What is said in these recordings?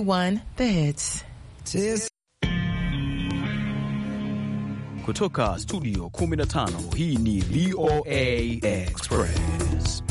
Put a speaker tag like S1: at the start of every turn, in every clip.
S1: One, the hits. Cheers.
S2: Kutoka studio 15 hii ni VOA Express.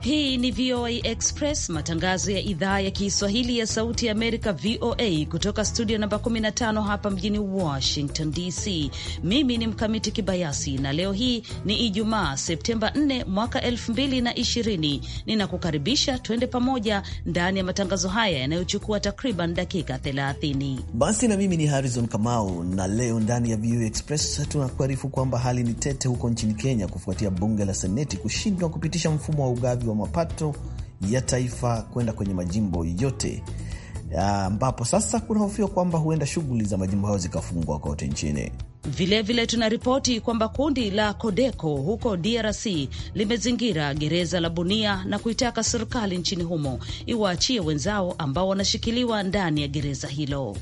S3: Hii ni VOA Express, matangazo ya idhaa ya Kiswahili ya Sauti ya Amerika, VOA, kutoka studio namba 15 hapa mjini Washington DC. Mimi ni Mkamiti Kibayasi na leo hii ni Ijumaa, Septemba 4 mwaka 2020. Ninakukaribisha twende pamoja ndani ya matangazo haya yanayochukua takriban dakika 30.
S2: Basi na mimi ni Harrison Kamau, na leo ndani ya VOA Express tunakuarifu kwamba hali ni tete huko nchini Kenya kufuatia bunge la Seneti kushindwa kupitisha mfumo wa ugavi wa mapato ya taifa kwenda kwenye majimbo yote ah, ambapo sasa kunahofiwa kwamba huenda shughuli za majimbo hayo zikafungwa kote nchini.
S3: Vilevile tuna ripoti kwamba kundi la Kodeko huko DRC limezingira gereza la Bunia na kuitaka serikali nchini humo iwaachie wenzao ambao wanashikiliwa ndani ya gereza hilo.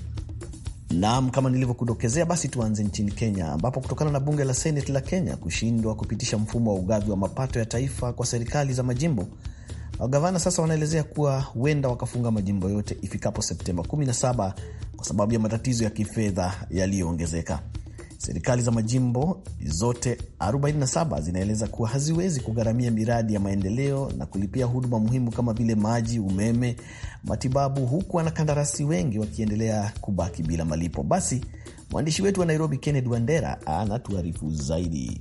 S2: Naam, kama nilivyokudokezea, basi tuanze nchini Kenya, ambapo kutokana na bunge la seneti la Kenya kushindwa kupitisha mfumo wa ugavi wa mapato ya taifa kwa serikali za majimbo, wagavana sasa wanaelezea kuwa huenda wakafunga majimbo yote ifikapo Septemba 17 kwa sababu ya matatizo ya kifedha yaliyoongezeka. Serikali za majimbo zote 47 zinaeleza kuwa haziwezi kugharamia miradi ya maendeleo na kulipia huduma muhimu kama vile maji, umeme, matibabu, huku wanakandarasi wengi wakiendelea kubaki bila malipo. Basi mwandishi wetu wa Nairobi, Kennedy Wandera, anatuarifu zaidi.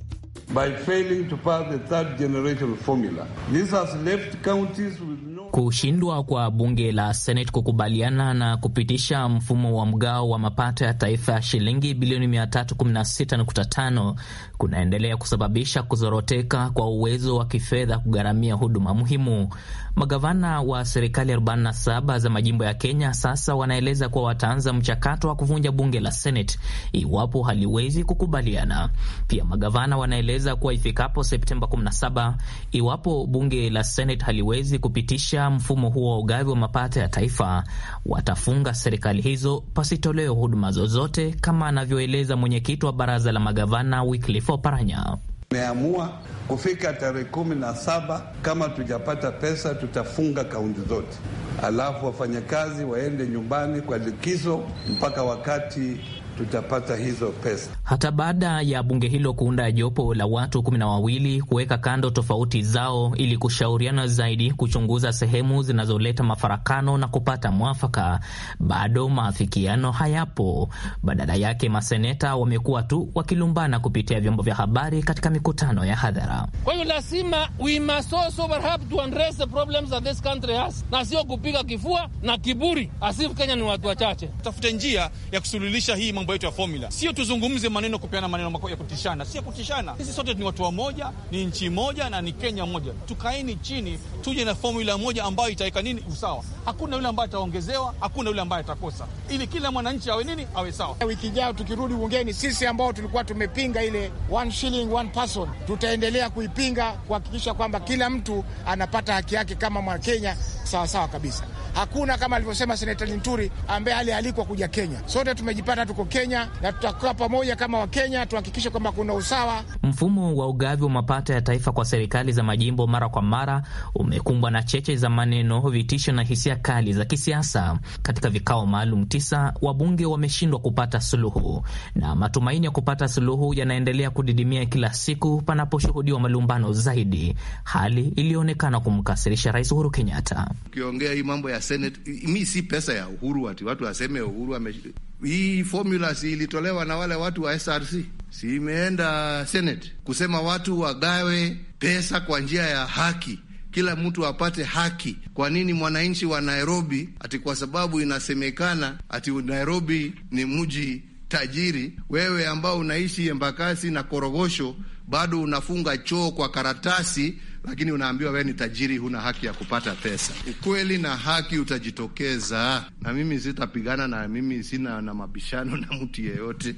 S4: By failing to pass the third generation formula. This has left counties with
S5: Kushindwa kwa bunge la Senate kukubaliana na kupitisha mfumo wa mgao wa mapato ya taifa ya shilingi bilioni 316.5 kunaendelea kusababisha kuzoroteka kwa uwezo wa kifedha kugharamia huduma muhimu. Magavana wa serikali 47 za majimbo ya Kenya sasa wanaeleza kuwa wataanza mchakato wa kuvunja bunge la Senate iwapo haliwezi kukubaliana. Pia magavana wanaeleza kuwa ifikapo Septemba 17, iwapo bunge la Senate haliwezi kupitisha kuimarisha mfumo huo wa ugavi wa mapato ya taifa watafunga serikali hizo pasitolewe huduma zozote, kama anavyoeleza mwenyekiti wa baraza la magavana Wycliffe Oparanya.
S4: Tumeamua kufika tarehe kumi na saba, kama tujapata pesa tutafunga kaunti zote, alafu wafanyakazi waende nyumbani kwa likizo mpaka wakati tutapata hizo pesa.
S5: Hata baada ya bunge hilo kuunda jopo la watu kumi na wawili kuweka kando tofauti zao ili kushauriana zaidi, kuchunguza sehemu zinazoleta mafarakano na kupata mwafaka, bado maafikiano hayapo. Badala yake, maseneta wamekuwa tu wakilumbana kupitia vyombo vya habari katika mikutano ya hadhara.
S3: Kwa hiyo
S4: lazima we must also to address the problems that this country has, na sio kupiga kifua na kiburi, asifu Kenya ni watu wachache. tafute njia ya kusuluhisha hii mambo mambo yetu ya formula, sio tuzungumze maneno, kupeana maneno ya kutishana, sio kutishana. Sisi sote ni watu wa moja, ni nchi moja na ni Kenya moja. Tukaeni chini, tuje na formula moja ambayo itaweka nini usawa. Hakuna yule ambaye ataongezewa, hakuna yule ambaye atakosa, ili kila mwananchi awe nini, awe sawa. Wiki ijayo tukirudi
S6: bungeni, sisi ambao tulikuwa tumepinga ile one shilling one person, tutaendelea kuipinga kuhakikisha kwamba kila mtu anapata haki yake kama Mwanakenya sawasawa kabisa. Hakuna kama alivyosema seneta Linturi ambaye alialikwa kuja Kenya. Sote tumejipata tuko Kenya na tutakaa pamoja kama Wakenya tuhakikishe kwamba kuna usawa.
S5: Mfumo wa ugavi wa mapato ya taifa kwa serikali za majimbo mara kwa mara umekumbwa na cheche za maneno, vitisho na hisia kali za kisiasa. Katika vikao maalum tisa, wabunge wameshindwa kupata suluhu na matumaini ya kupata suluhu yanaendelea kudidimia kila siku panaposhuhudiwa malumbano zaidi, hali iliyoonekana kumkasirisha Rais Uhuru Kenyatta. Ukiongea hii mambo ya Senate. Mi si pesa ya Uhuru ati watu waseme Uhuru ame... hii formula si ilitolewa na wale watu wa SRC, si imeenda Senate kusema watu wagawe pesa kwa njia ya haki, kila mtu apate haki. Kwa nini mwananchi wa Nairobi ati kwa sababu inasemekana ati Nairobi ni mji tajiri, wewe ambao unaishi Embakasi na Korogosho bado unafunga choo kwa karatasi lakini unaambiwa wewe ni tajiri, huna haki ya kupata pesa. Ukweli na haki utajitokeza, na mimi sitapigana, na mimi sina na mabishano na mtu yeyote.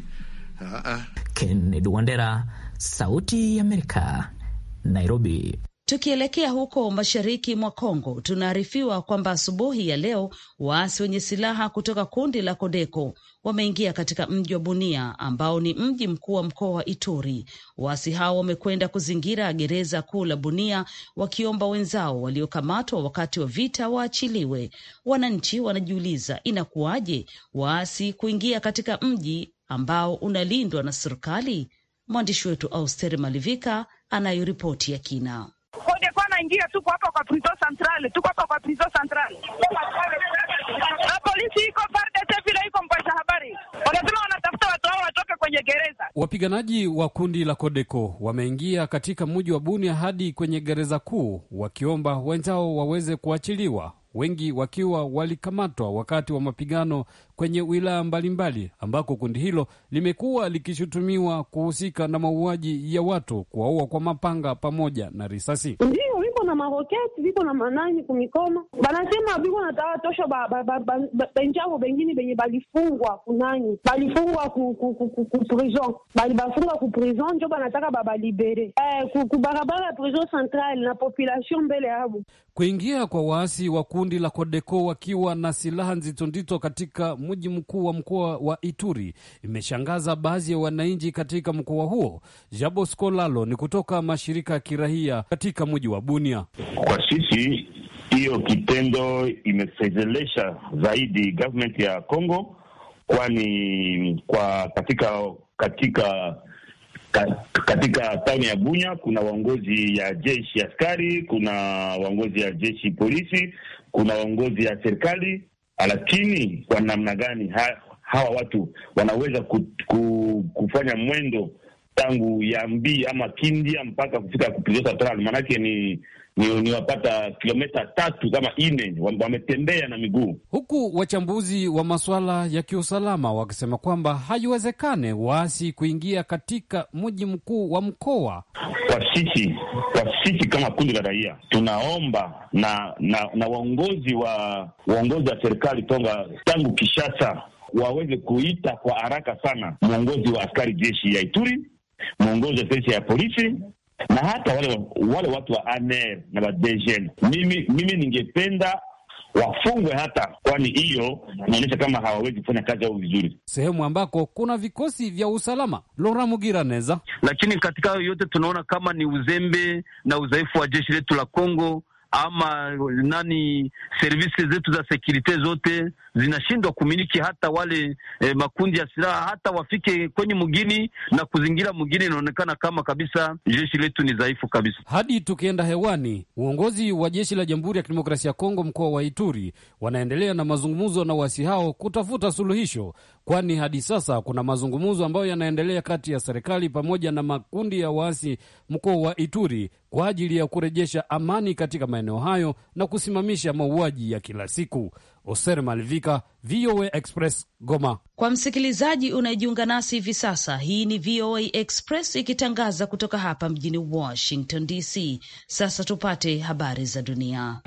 S5: Ah, ah. Kennedy Wandera, Sauti ya Amerika, Nairobi.
S3: Tukielekea huko mashariki mwa Kongo, tunaarifiwa kwamba asubuhi ya leo waasi wenye silaha kutoka kundi la Kodeko wameingia katika mji wa Bunia ambao ni mji mkuu wa mkoa wa Ituri. Waasi hao wamekwenda kuzingira gereza kuu la Bunia wakiomba wenzao waliokamatwa wakati wa vita waachiliwe. Wananchi wanajiuliza inakuwaje waasi kuingia katika mji ambao unalindwa na serikali? Mwandishi wetu Austeri Malivika anayoripoti ya kina
S1: ingia, tuko hapa kwa Prison Central, tuko hapa kwa Prison Central na polisi iko FARDC vile iko mpasha habari, wanasema wanatafuta watu hao watoke kwenye gereza.
S4: Wapiganaji wa kundi la Kodeko wameingia katika mji wa Bunia hadi kwenye gereza kuu wakiomba wenzao waweze kuachiliwa wengi wakiwa walikamatwa wakati wa mapigano kwenye wilaya mbalimbali ambako kundi hilo limekuwa likishutumiwa kuhusika na mauaji ya watu, kuwaua kwa mapanga pamoja na risasi.
S5: Ndio viko na maroketi viko na manani kumikoma banasema viko na tawa ba, benjavo bengine benye balifungwa kunani balifungwa ku, ku, ku, ku, ku prison balibafungwa ku prison njo banataka babalibere eh, ku, ku barabara ya prison
S1: centrale na population mbele yabo
S4: Kuingia kwa waasi wa kundi la Kodeko wakiwa na silaha nzito nzito katika mji mkuu wa mkoa wa Ituri imeshangaza baadhi ya wananchi katika mkoa huo. Jabo Lalo ni kutoka mashirika ya kirahia katika mji wa Bunia.
S7: Kwa sisi hiyo kitendo imefezelesha zaidi government ya Congo, kwani kwa katika katika katika tauni ya Bunya kuna waongozi ya jeshi askari, kuna waongozi ya jeshi polisi, kuna waongozi ya serikali. Lakini kwa namna gani ha, hawa watu wanaweza ku, ku, kufanya mwendo tangu Yambi ama Kindia mpaka kufika kupiga Central, maanake ni ni, ni wapata tatu kama nne wametembea na
S4: miguu, huku wachambuzi wa masuala ya kiusalama wakisema kwamba haiwezekane waasi kuingia katika mji mkuu wa mkoa. Kwa
S7: sisi kwa sisi kama kundi la raia tunaomba na na, na waongozi wa waongozi wa serikali Tonga tangu Kishasa waweze kuita kwa haraka sana mwongozi wa askari jeshi ya Ituri mwongozo wa ya polisi na hata wale wale watu wa ANR e na wa DGN. Mimi mimi ningependa wafungwe
S4: hata, kwani hiyo inaonyesha kama hawawezi kufanya kazi yao vizuri, sehemu ambako kuna vikosi vya usalama. Lora Mugira Neza. Lakini katika hayo yote tunaona kama ni uzembe na udhaifu wa jeshi letu la Kongo ama nani, servisi zetu za sekurite zote zinashindwa kumiliki hata wale eh, makundi ya silaha hata wafike kwenye mgini na kuzingira mgini. Inaonekana kama kabisa jeshi letu ni dhaifu kabisa. Hadi tukienda hewani, uongozi wa jeshi la Jamhuri ya Kidemokrasia ya Kongo mkoa wa Ituri wanaendelea na mazungumzo na wasi hao kutafuta suluhisho, kwani hadi sasa kuna mazungumzo ambayo yanaendelea kati ya serikali pamoja na makundi ya waasi mkoa wa Ituri kwa ajili ya kurejesha amani katika maeneo hayo na kusimamisha mauaji ya kila siku. Oser Malivika, VOA Express, Goma.
S3: Kwa msikilizaji unayejiunga nasi hivi sasa, hii ni VOA Express ikitangaza kutoka hapa mjini Washington DC. Sasa tupate habari za dunia.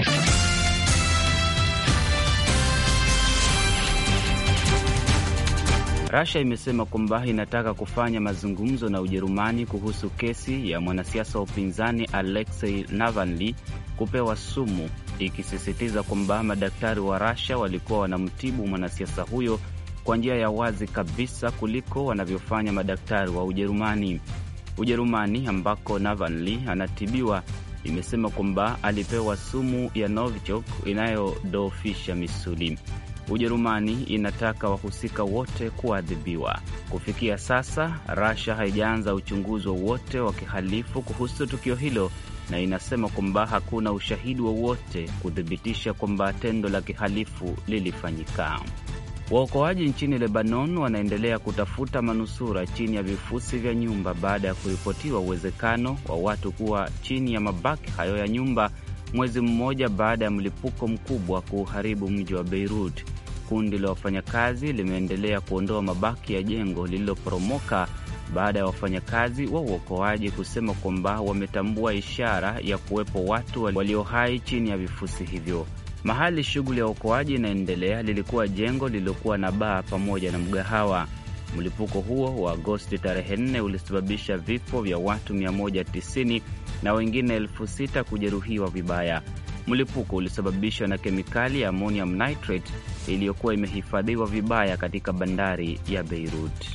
S8: Rasia imesema kwamba inataka kufanya mazungumzo na Ujerumani kuhusu kesi ya mwanasiasa wa upinzani Alexei Navalny kupewa sumu, ikisisitiza kwamba madaktari wa Rasia walikuwa wanamtibu mwanasiasa huyo kwa njia ya wazi kabisa kuliko wanavyofanya madaktari wa Ujerumani. Ujerumani ambako Navalny anatibiwa imesema kwamba alipewa sumu ya Novichok inayodoofisha misuli. Ujerumani inataka wahusika wote kuadhibiwa. Kufikia sasa, Russia haijaanza uchunguzi wowote wa kihalifu kuhusu tukio hilo na inasema kwamba hakuna ushahidi wowote kuthibitisha kwamba tendo la kihalifu lilifanyika. Waokoaji nchini Lebanon wanaendelea kutafuta manusura chini ya vifusi vya nyumba baada ya kuripotiwa uwezekano wa watu kuwa chini ya mabaki hayo ya nyumba mwezi mmoja baada ya mlipuko mkubwa kuuharibu mji wa Beirut. Kundi la wafanyakazi limeendelea kuondoa mabaki ya jengo lililoporomoka baada ya wafanyakazi wa uokoaji kusema kwamba wametambua ishara ya kuwepo watu walio hai chini ya vifusi hivyo. Mahali shughuli ya uokoaji inaendelea lilikuwa jengo lililokuwa na baa pamoja na mgahawa. Mlipuko huo wa Agosti tarehe 4 ulisababisha vifo vya watu 190 na wengine elfu sita kujeruhiwa vibaya. Mlipuko ulisababishwa na kemikali ya ammonium nitrate iliyokuwa imehifadhiwa vibaya katika bandari ya Beirut.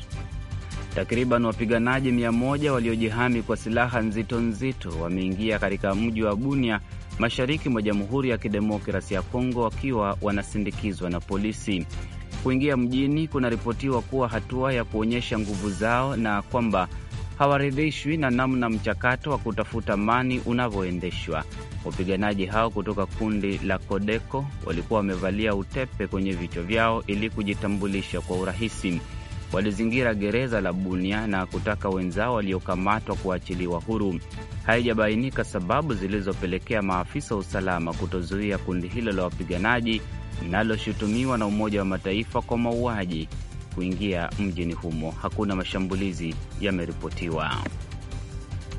S8: Takriban wapiganaji mia moja waliojihami kwa silaha nzito nzito wameingia katika mji wa Bunia mashariki mwa Jamhuri ya Kidemokrasi ya Kongo wakiwa wanasindikizwa na polisi. Kuingia mjini kunaripotiwa kuwa hatua ya kuonyesha nguvu zao na kwamba hawaridhishwi na namna mchakato wa kutafuta amani unavyoendeshwa. Wapiganaji hao kutoka kundi la Kodeko walikuwa wamevalia utepe kwenye vichwa vyao ili kujitambulisha kwa urahisi. Walizingira gereza la Bunia na kutaka wenzao waliokamatwa kuachiliwa huru. Haijabainika sababu zilizopelekea maafisa wa usalama kutozuia kundi hilo la wapiganaji linaloshutumiwa na Umoja wa Mataifa kwa mauaji kuingia mjini humo. Hakuna mashambulizi yameripotiwa.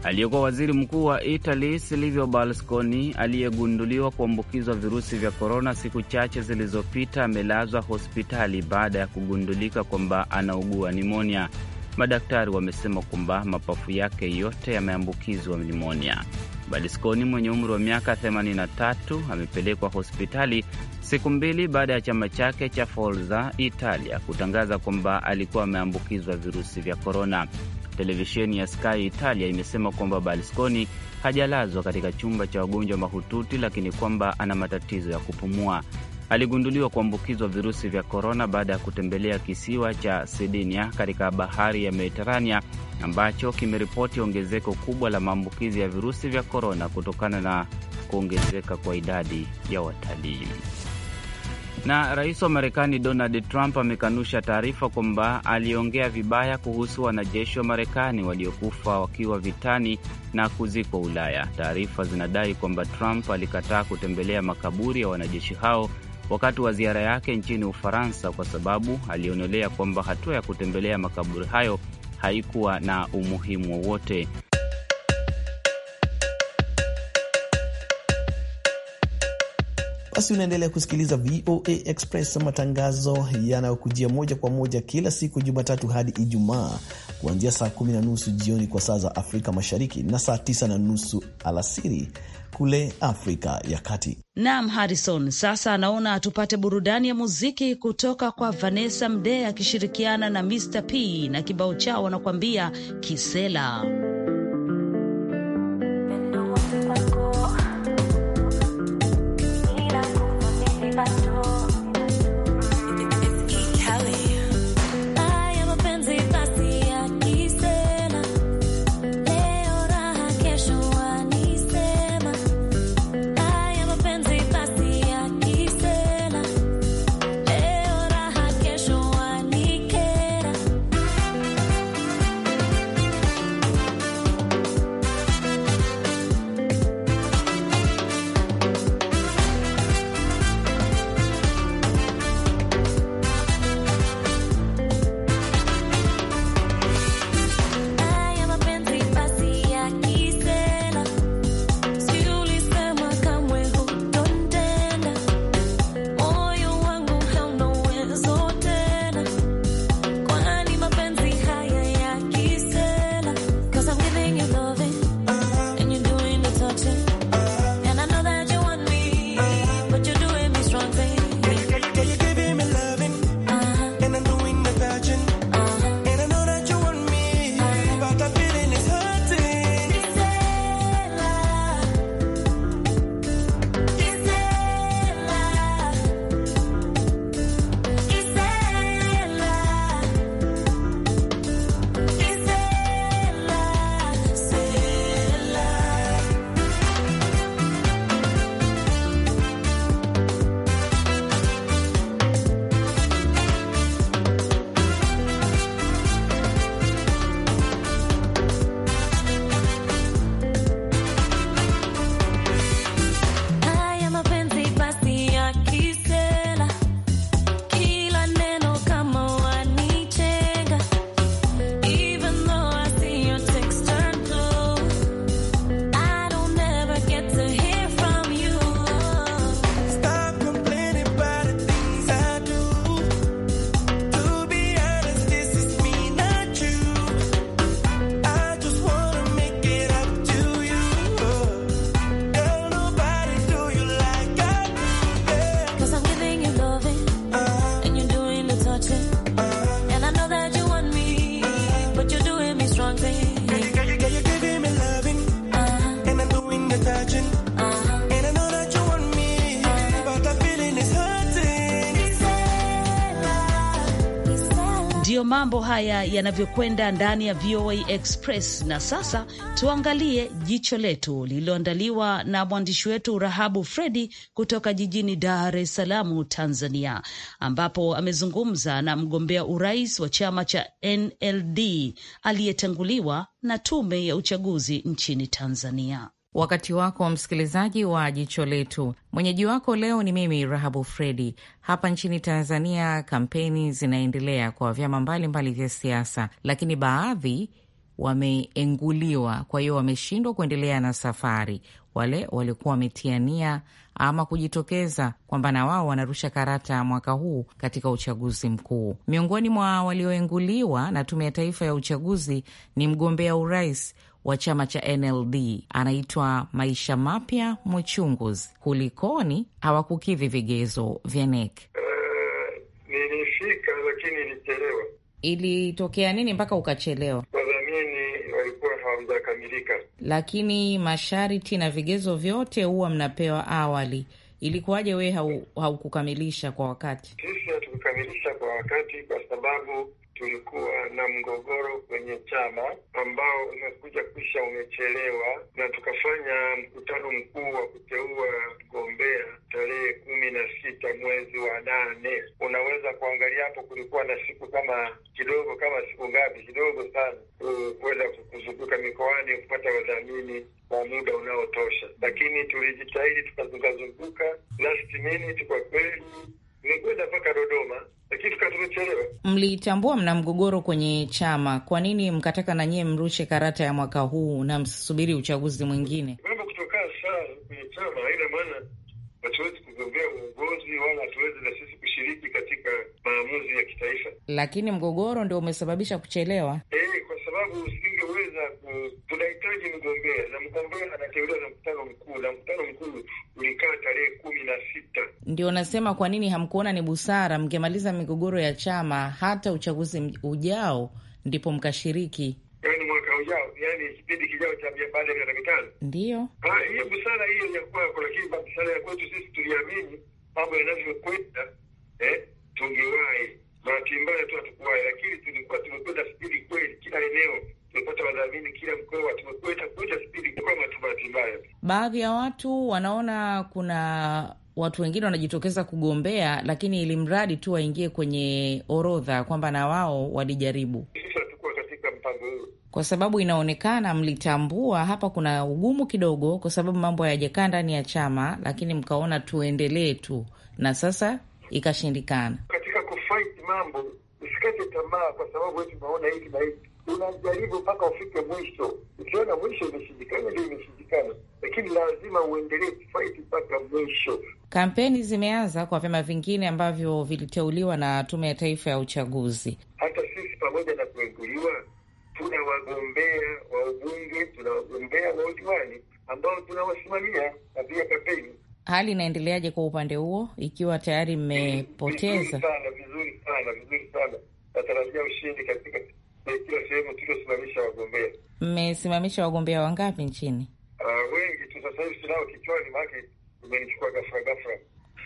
S8: Aliyekuwa waziri mkuu wa italy Silvio Berlusconi aliyegunduliwa kuambukizwa virusi vya korona siku chache zilizopita amelazwa hospitali baada ya kugundulika kwamba anaugua nimonia. Madaktari wamesema kwamba mapafu yake yote yameambukizwa nimonia. Berlusconi mwenye umri wa miaka 83 amepelekwa hospitali siku mbili baada ya chama chake cha Forza Italia kutangaza kwamba alikuwa ameambukizwa virusi vya korona. Televisheni ya Sky Italia imesema kwamba Berlusconi hajalazwa katika chumba cha wagonjwa mahututi, lakini kwamba ana matatizo ya kupumua aligunduliwa kuambukizwa virusi vya korona baada ya kutembelea kisiwa cha Sidinia katika bahari ya Mediterania ambacho kimeripoti ongezeko kubwa la maambukizi ya virusi vya korona kutokana na kuongezeka kwa idadi ya watalii. Na rais wa Marekani Donald Trump amekanusha taarifa kwamba aliongea vibaya kuhusu wanajeshi wa Marekani waliokufa wakiwa vitani na kuzikwa Ulaya. Taarifa zinadai kwamba Trump alikataa kutembelea makaburi ya wanajeshi hao wakati wa ziara yake nchini Ufaransa, kwa sababu alionelea kwamba hatua ya kutembelea makaburi hayo haikuwa na umuhimu wowote.
S2: Basi unaendelea kusikiliza VOA Express, matangazo yanayokujia moja kwa moja kila siku Jumatatu hadi Ijumaa kuanzia saa kumi na nusu jioni kwa saa za Afrika Mashariki na saa tisa na nusu alasiri kule Afrika ya Kati.
S3: Naam, Harrison, sasa anaona tupate burudani ya muziki kutoka kwa Vanessa Mdee akishirikiana na Mr P na kibao chao wanakuambia Kisela. ndiyo mambo haya yanavyokwenda ndani ya VOA Express. Na sasa tuangalie jicho letu lililoandaliwa na mwandishi wetu Rahabu Fredi kutoka jijini Dar es Salaam, Tanzania, ambapo amezungumza na mgombea urais wa chama cha NLD aliyetanguliwa na tume ya uchaguzi nchini Tanzania wakati wako
S9: wa msikilizaji wa jicho letu. Mwenyeji wako leo ni mimi Rahabu Fredi. Hapa nchini Tanzania, kampeni zinaendelea kwa vyama mbalimbali vya siasa, lakini baadhi wameenguliwa, kwa hiyo wameshindwa kuendelea na safari. Wale waliokuwa wametiania ama kujitokeza kwamba na wao wanarusha karata mwaka huu katika uchaguzi mkuu. Miongoni mwa walioenguliwa na Tume ya Taifa ya Uchaguzi ni mgombea urais wa chama cha NLD anaitwa Maisha Mapya Muchunguzi. Kulikoni hawakukidhi vigezo vya NEC? Uh, eh, lakini ilichelewa. Ilitokea nini mpaka ukachelewa? Wadhamini walikuwa hawajakamilika. Lakini masharti na vigezo vyote huwa mnapewa awali, ilikuwaje wewe haukukamilisha hau kwa wakati?
S7: Sisi hatukukamilisha kwa wakati kwa sababu tulikuwa na mgogoro kwenye chama ambao umekuja kisha umechelewa, na tukafanya mkutano mkuu wa kuteua mgombea tarehe kumi na sita mwezi wa nane. Unaweza kuangalia hapo, kulikuwa na siku kama kidogo kama siku ngapi kidogo sana kuweza kuzunguka mikoani kupata wadhamini kwa muda unaotosha, lakini tulijitahidi tukazungazunguka last minute kwa kweli Nimekwenda mpaka Dodoma,
S9: lakini tukaa Mlitambua mna mgogoro kwenye chama, kwa nini mkataka na nyie mrushe karata ya mwaka huu na msisubiri uchaguzi mwingine?
S7: Mambo kutoka saa kwenye chama haina maana, hatuwezi kugombea uongozi
S10: wala hatuwezi na sisi kushiriki katika maamuzi ya kitaifa.
S9: Lakini mgogoro ndio umesababisha kuchelewa.
S7: E, kwa sababu usingeweza kuna hawezi mgombea, na mgombea anateuliwa na mkutano mkuu, na mkutano mkuu
S9: ulikaa tarehe kumi na sita. Ndio nasema kwa nini hamkuona ni busara mkimaliza migogoro ya chama hata uchaguzi ujao ndipo mkashiriki
S7: yani mwaka ujao, yani kipindi kijao cha baada ya miaka mitano. Ndio ah, hiyo busara hiyo ya kwako, lakini busara ya kwetu sisi tuliamini mambo yanavyokwenda, eh, tungewahi. Bahati mbaya tu hatukuwahi, lakini tulikuwa tumekwenda spidi kweli,
S9: kila eneo tumepata wadhamini kila mkoa, kuja spidi mbaya. Baadhi ya watu wanaona kuna watu wengine wanajitokeza kugombea, lakini ili mradi tu waingie kwenye orodha kwamba na wao walijaribu. Sisi hatukuwa katika mpango huo, kwa sababu inaonekana mlitambua hapa kuna ugumu kidogo, kwa sababu mambo hayajakaa ndani ya chama, lakini mkaona tuendelee tu, na sasa ikashindikana
S7: katika kufight mambo. Usikate tamaa kwa sababu wewe tunaona hiki na hiki unajaribu mpaka ufike mwisho. Ukiona mwisho imeshindikana, ndio imeshindikana, lakini lazima uendelee kufaiti mpaka mwisho.
S9: Kampeni zimeanza kwa vyama vingine ambavyo viliteuliwa na Tume ya Taifa ya Uchaguzi.
S7: Hata sisi pamoja na kuenguliwa, tuna wagombea wa ubunge, tuna wagombea wa
S9: udiwani ambao tunawasimamia na pia kampeni. Hali inaendeleaje kwa upande huo, ikiwa tayari mmepoteza? Vizuri
S7: sana, vizuri sana, vizuri sana. Natarajia ushindi katika kila sehemu tuliosimamisha
S9: wagombea. Mmesimamisha wagombea wangapi nchini?
S7: Uh, wengi tu sasa hivi sinao kichwani, maake imenichukua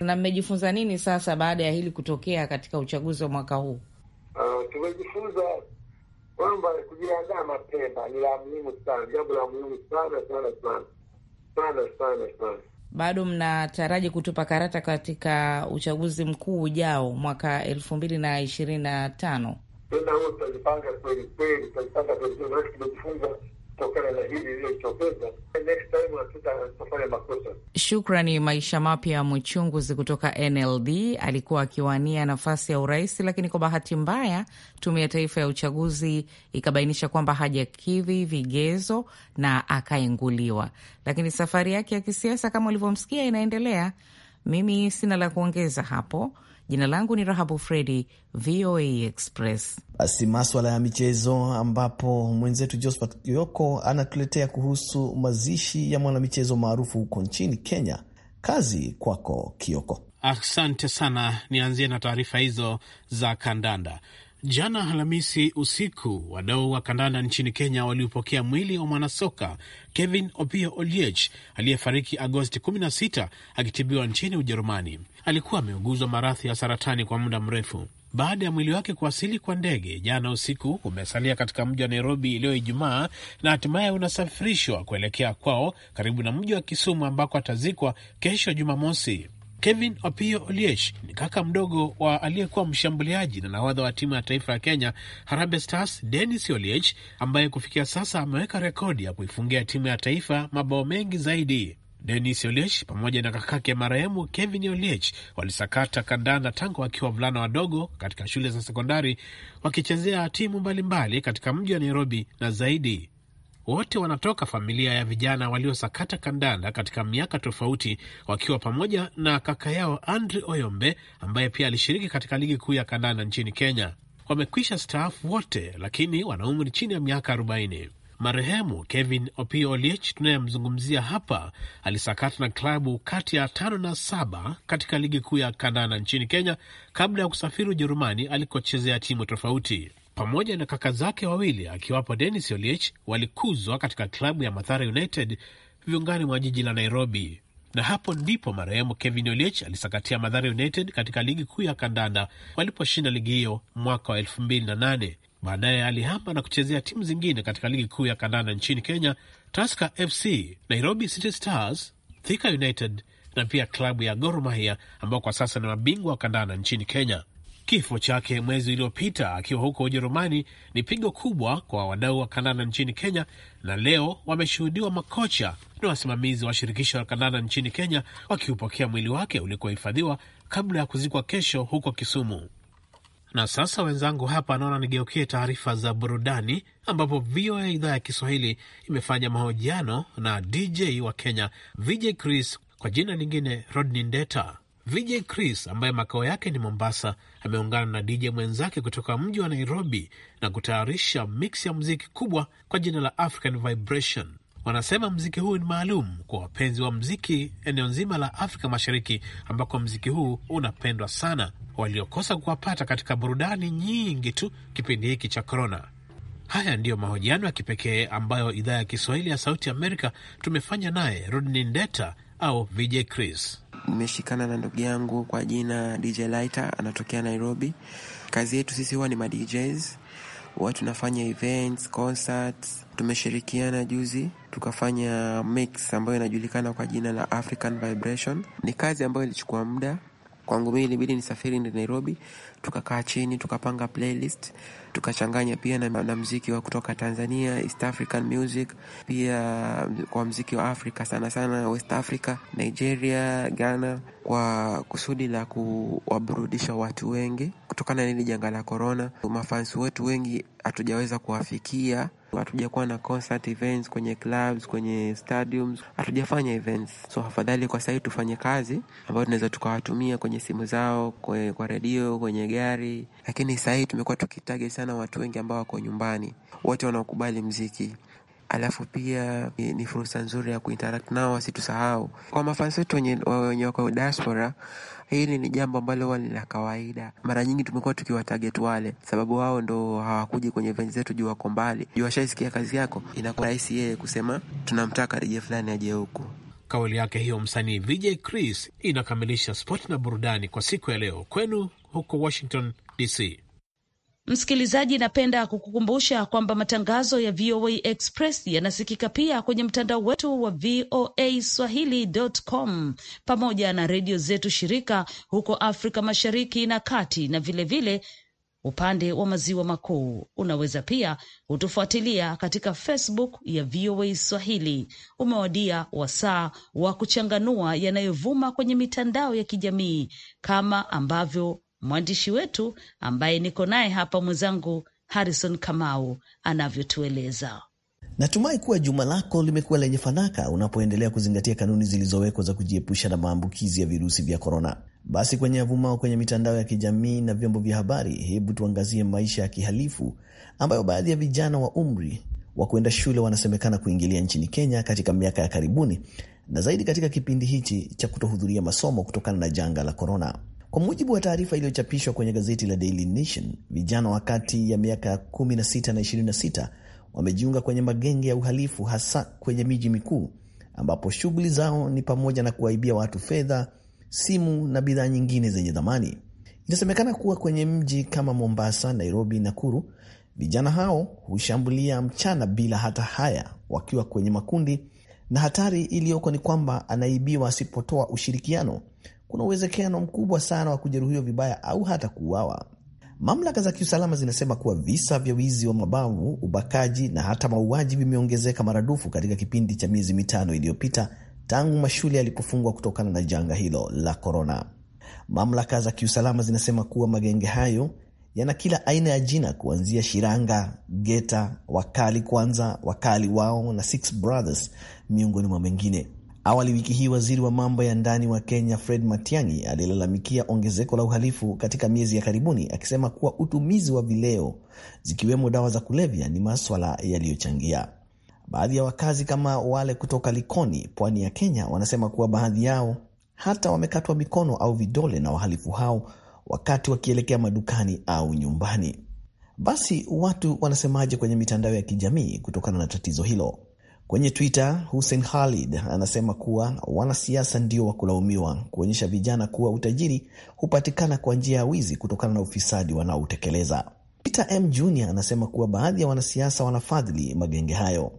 S9: Na mmejifunza nini sasa baada ya hili kutokea katika uchaguzi wa mwaka huu?
S7: Uh, tumejifunza kwamba kujiandaa mapema ni la muhimu sana, jambo la muhimu sana sana sana sana sana sana.
S9: Bado mnataraji kutupa karata katika uchaguzi mkuu ujao mwaka elfu mbili na ishirini na tano?
S7: tena huo tutajipanga kweli kweli, tutajipanga kweli kweli, tumejifunza kutokana na hili iliyojitokeza.
S9: Shukrani. Maisha Mapya Mwichunguzi kutoka NLD alikuwa akiwania nafasi ya urais, lakini kwa bahati mbaya Tume ya Taifa ya Uchaguzi ikabainisha kwamba hajakidhi vigezo na akaenguliwa, lakini safari yake ya kisiasa kama ulivyomsikia inaendelea. Mimi sina la kuongeza hapo. Jina langu ni Rahabu Fredi, VOA Express.
S2: Basi maswala ya michezo, ambapo mwenzetu Josphat Kioko anatuletea kuhusu mazishi ya mwanamichezo maarufu huko nchini Kenya. Kazi kwako Kioko.
S6: Asante sana. Nianzie na taarifa hizo za kandanda. Jana Alhamisi usiku, wadau wa kandanda nchini Kenya waliupokea mwili wa mwanasoka Kevin Opio Oliech aliyefariki Agosti 16 akitibiwa nchini Ujerumani. Alikuwa ameuguzwa maradhi ya saratani kwa muda mrefu. Baada ya mwili wake kuwasili kwa ndege jana usiku, umesalia katika mji wa Nairobi iliyo Ijumaa, na hatimaye unasafirishwa kuelekea kwao karibu na mji wa Kisumu ambako atazikwa kesho Jumamosi. Kevin opio Oliech ni kaka mdogo wa aliyekuwa mshambuliaji na nahodha wa timu ya taifa ya Kenya Harambee Stars Dennis Oliech, ambaye kufikia sasa ameweka rekodi ya kuifungia timu ya taifa mabao mengi zaidi. Denis Oliech pamoja na kakake marehemu Kevin Oliech walisakata kandanda tangu wakiwa wavulana wadogo katika shule za sekondari, wakichezea timu mbalimbali mbali katika mji wa Nairobi na zaidi. Wote wanatoka familia ya vijana waliosakata kandanda katika miaka tofauti, wakiwa pamoja na kaka yao Andre Oyombe ambaye pia alishiriki katika ligi kuu ya kandanda nchini Kenya. Wamekwisha staafu wote, lakini wana umri chini ya miaka 40. Marehemu Kevin Opio Oliech tunayemzungumzia hapa alisakata na klabu kati ya tano na saba katika ligi kuu ya kandanda nchini Kenya kabla ya kusafiri Ujerumani alikochezea timu tofauti pamoja na kaka zake wawili akiwapo denis Oliech walikuzwa katika klabu ya Mathare United viungani mwa jiji la Nairobi, na hapo ndipo marehemu Kevin Oliech alisakatia Mathare United katika ligi kuu ya kandanda waliposhinda ligi hiyo mwaka wa elfu Baadaye alihama na kuchezea timu zingine katika ligi kuu ya kandanda nchini Kenya, Tusker FC, Nairobi City Stars, Thika United na pia klabu ya Gor Mahia ambao kwa sasa ni mabingwa wa kandanda nchini Kenya. Kifo chake mwezi uliopita akiwa huko Ujerumani ni pigo kubwa kwa wadau wa kandanda nchini Kenya, na leo wameshuhudiwa makocha na wasimamizi wa shirikisho la kandanda nchini Kenya wakiupokea mwili wake ulikohifadhiwa kabla ya kuzikwa kesho huko Kisumu. Na sasa wenzangu hapa naona nigeukie taarifa za burudani, ambapo VOA idhaa ya Kiswahili imefanya mahojiano na DJ wa Kenya VJ Chris, kwa jina lingine Rodney Ndeta. VJ Chris ambaye makao yake ni Mombasa ameungana na DJ mwenzake kutoka mji wa Nairobi na kutayarisha mix ya mziki kubwa kwa jina la African Vibration. Wanasema mziki huu ni maalum kwa wapenzi wa mziki eneo nzima la Afrika Mashariki, ambako mziki huu unapendwa sana, waliokosa kuwapata katika burudani nyingi tu kipindi hiki cha korona. Haya ndiyo mahojiano ya kipekee ambayo idhaa ya Kiswahili ya Sauti Amerika tumefanya naye Rodney Ndeta au VJ Chris
S1: nimeshikana na ndugu yangu kwa jina DJ Lighter, anatokea Nairobi. Kazi yetu sisi huwa ni ma DJs, huwa tunafanya events, concerts. Tumeshirikiana juzi tukafanya mix ambayo inajulikana kwa jina la African Vibration. Ni kazi ambayo ilichukua muda kwangu, mimi ilibidi nisafiri ndi Nairobi tukakaa chini tukapanga playlist tukachanganya pia na, na mziki wa kutoka Tanzania, East African music pia kwa mziki wa Afrika sana sana West Africa, Nigeria, Ghana, kwa kusudi la kuwaburudisha watu wengi kutokana na hili janga la korona. Mafansi wetu wengi hatujaweza kuwafikia, hatujakuwa na concert events kwenye clubs, kwenye stadiums, hatujafanya events. So afadhali kwa sahii tufanye kazi ambayo tunaweza tukawatumia kwenye simu zao, kwa redio, kwenye magari, lakini saa hii tumekuwa tukitaja sana watu wengi ambao wako nyumbani, wote wanaokubali mziki alafu pia ni ni fursa nzuri ya kuinteract nao, wasitusahau. Kwa mafans wetu wenye wako diaspora, hili ni jambo ambalo huwa ni la kawaida. Mara nyingi tumekuwa tukiwataget wale, sababu wao ndo hawakuji kwenye event zetu juu wako mbali, juu washaisikia kazi yako, inakuwa rahisi yeye kusema tunamtaka rije fulani aje huku.
S6: Kauli yake hiyo msanii VJ Chris inakamilisha spoti na burudani kwa siku ya leo kwenu huko Washington DC.
S3: Msikilizaji, napenda kukukumbusha kwamba matangazo ya VOA Express yanasikika pia kwenye mtandao wetu wa VOA Swahili.com pamoja na redio zetu shirika huko Afrika Mashariki na Kati na vilevile vile upande wa maziwa makuu. Unaweza pia hutufuatilia katika Facebook ya VOA Swahili. Umewadia wasaa wa kuchanganua yanayovuma kwenye mitandao ya kijamii, kama ambavyo mwandishi wetu ambaye niko naye hapa, mwenzangu Harrison Kamau anavyotueleza.
S2: Natumai kuwa juma lako limekuwa lenye fanaka unapoendelea kuzingatia kanuni zilizowekwa za kujiepusha na maambukizi ya virusi vya korona. Basi kwenye avumao kwenye mitandao ya kijamii na vyombo vya habari, hebu tuangazie maisha ya kihalifu ambayo baadhi ya vijana wa umri wa kwenda shule wanasemekana kuingilia nchini Kenya katika miaka ya karibuni, na zaidi katika kipindi hichi cha kutohudhuria masomo kutokana na janga la korona. Kwa mujibu wa taarifa iliyochapishwa kwenye gazeti la Daily Nation, vijana wa kati ya miaka 16 na 26 wamejiunga kwenye magenge ya uhalifu, hasa kwenye miji mikuu ambapo shughuli zao ni pamoja na kuwaibia watu fedha simu na bidhaa nyingine zenye dhamani. Inasemekana kuwa kwenye mji kama Mombasa, Nairobi, Nakuru, vijana hao hushambulia mchana bila hata haya, wakiwa kwenye makundi, na hatari iliyoko ni kwamba anaibiwa asipotoa ushirikiano. Kuna uwezekano mkubwa sana wa kujeruhiwa vibaya au hata kuuawa. Mamlaka za kiusalama zinasema kuwa visa vya wizi wa mabavu, ubakaji na hata mauaji vimeongezeka maradufu katika kipindi cha miezi mitano iliyopita tangu mashule yalipofungwa kutokana na janga hilo la korona. Mamlaka za kiusalama zinasema kuwa magenge hayo yana kila aina ya jina kuanzia Shiranga, Geta, Wakali Kwanza, Wakali Wao na Six Brothers miongoni mwa mengine. Awali wiki hii waziri wa mambo ya ndani wa Kenya Fred Matiang'i alilalamikia ongezeko la uhalifu katika miezi ya karibuni, akisema kuwa utumizi wa vileo zikiwemo dawa za kulevya ni maswala yaliyochangia. Baadhi ya wakazi kama wale kutoka Likoni, pwani ya Kenya, wanasema kuwa baadhi yao hata wamekatwa mikono au vidole na wahalifu hao wakati wakielekea madukani au nyumbani. Basi watu wanasemaje kwenye mitandao ya kijamii kutokana na tatizo hilo? Kwenye Twitter, Hussein Khalid anasema kuwa wanasiasa ndio wa kulaumiwa kuonyesha vijana kuwa utajiri hupatikana kwa njia ya wizi kutokana na ufisadi wanaoutekeleza. Peter M Jr anasema kuwa baadhi ya wanasiasa wanafadhili magenge hayo.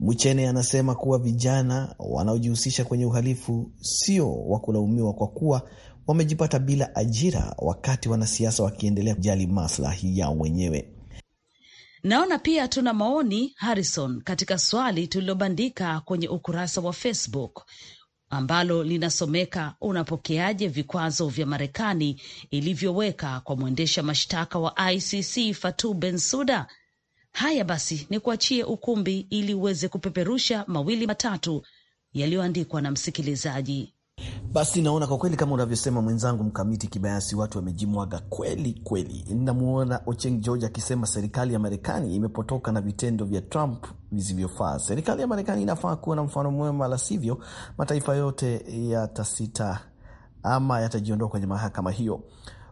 S2: Muchene anasema kuwa vijana wanaojihusisha kwenye uhalifu sio wa kulaumiwa kwa kuwa wamejipata bila ajira, wakati wanasiasa wakiendelea kujali maslahi yao wenyewe.
S3: Naona pia tuna maoni Harrison, katika swali tulilobandika kwenye ukurasa wa Facebook ambalo linasomeka unapokeaje vikwazo vya Marekani ilivyoweka kwa mwendesha mashtaka wa ICC Fatou Bensouda Haya basi, ni kuachie ukumbi ili uweze kupeperusha mawili matatu yaliyoandikwa na msikilizaji. Basi naona kwa kweli kama unavyosema mwenzangu Mkamiti Kibayasi, watu wamejimwaga
S2: kweli kweli. Namwona Ocheng George akisema serikali ya Marekani imepotoka na vitendo vya Trump visivyofaa. Serikali ya Marekani inafaa kuwa na mfano mwema, la sivyo mataifa yote yatasita ama yatajiondoa kwenye mahakama hiyo.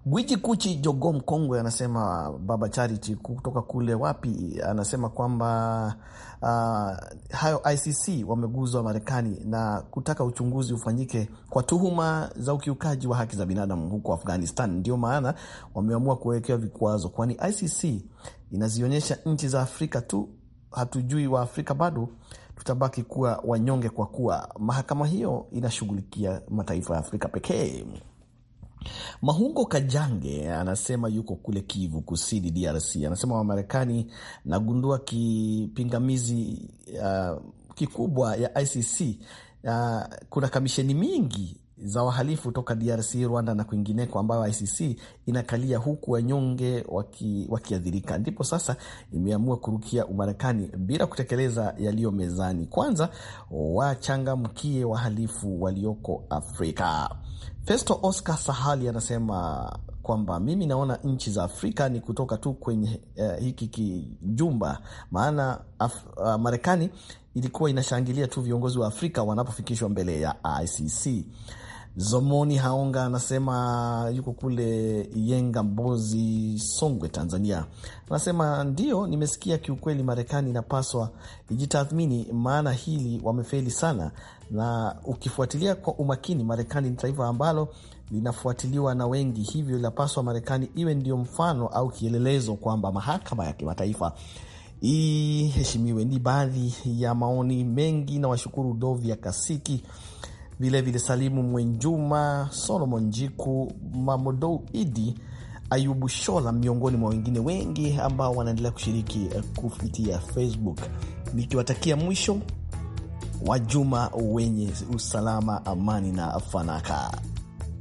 S2: Gwiji Kuchi Jogo mkongwe anasema baba Charity kutoka kule wapi, anasema kwamba uh, hayo ICC wameguzwa Marekani na kutaka uchunguzi ufanyike kwa tuhuma za ukiukaji wa haki za binadamu huko Afghanistan. Ndio maana wameamua kuwekewa vikwazo, kwani ICC inazionyesha nchi za Afrika tu. Hatujui wa Afrika bado tutabaki kuwa wanyonge, kwa kuwa mahakama hiyo inashughulikia mataifa ya Afrika pekee. Mahungo Kajange anasema yuko kule Kivu Kusini, DRC. Anasema Wamarekani nagundua kipingamizi uh, kikubwa ya ICC uh, kuna kamisheni mingi za wahalifu toka DRC, Rwanda na kwingineko, ambayo ICC inakalia huku wanyonge wakiadhirika waki, ndipo sasa imeamua kurukia Umarekani bila kutekeleza yaliyo mezani. Kwanza wachangamkie wahalifu walioko Afrika. Festo Oscar Sahali anasema kwamba mimi naona nchi za Afrika ni kutoka tu kwenye uh, hiki kijumba, maana uh, Marekani ilikuwa inashangilia tu viongozi wa Afrika wanapofikishwa mbele ya ICC. Zomoni Haonga anasema yuko kule yenga Mbozi, Songwe, Tanzania. Anasema ndio nimesikia kiukweli, Marekani inapaswa ijitathmini, maana hili wamefeli sana, na ukifuatilia kwa umakini, Marekani ni taifa ambalo linafuatiliwa na wengi, hivyo linapaswa Marekani iwe ndio mfano au kielelezo kwamba mahakama ya kimataifa iheshimiwe. Ni baadhi ya maoni mengi, na washukuru Dovya Kasiki vilevile Salimu Mwenjuma, Solomon jiku Mamodou Idi, Ayubu Shola, miongoni mwa wengine wengi ambao wanaendelea kushiriki kupitia Facebook, nikiwatakia mwisho wa juma wenye usalama, amani na fanaka.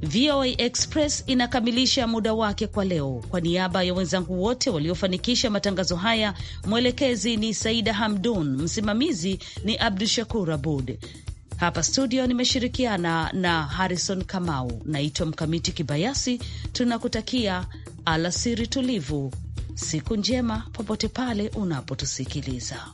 S3: VOA Express inakamilisha muda wake kwa leo. Kwa niaba ya wenzangu wote waliofanikisha matangazo haya, mwelekezi ni Saida Hamdun, msimamizi ni Abdu Shakur Abud. Hapa studio nimeshirikiana na Harrison Kamau. Naitwa Mkamiti Kibayasi. Tunakutakia alasiri tulivu, siku njema popote pale unapotusikiliza.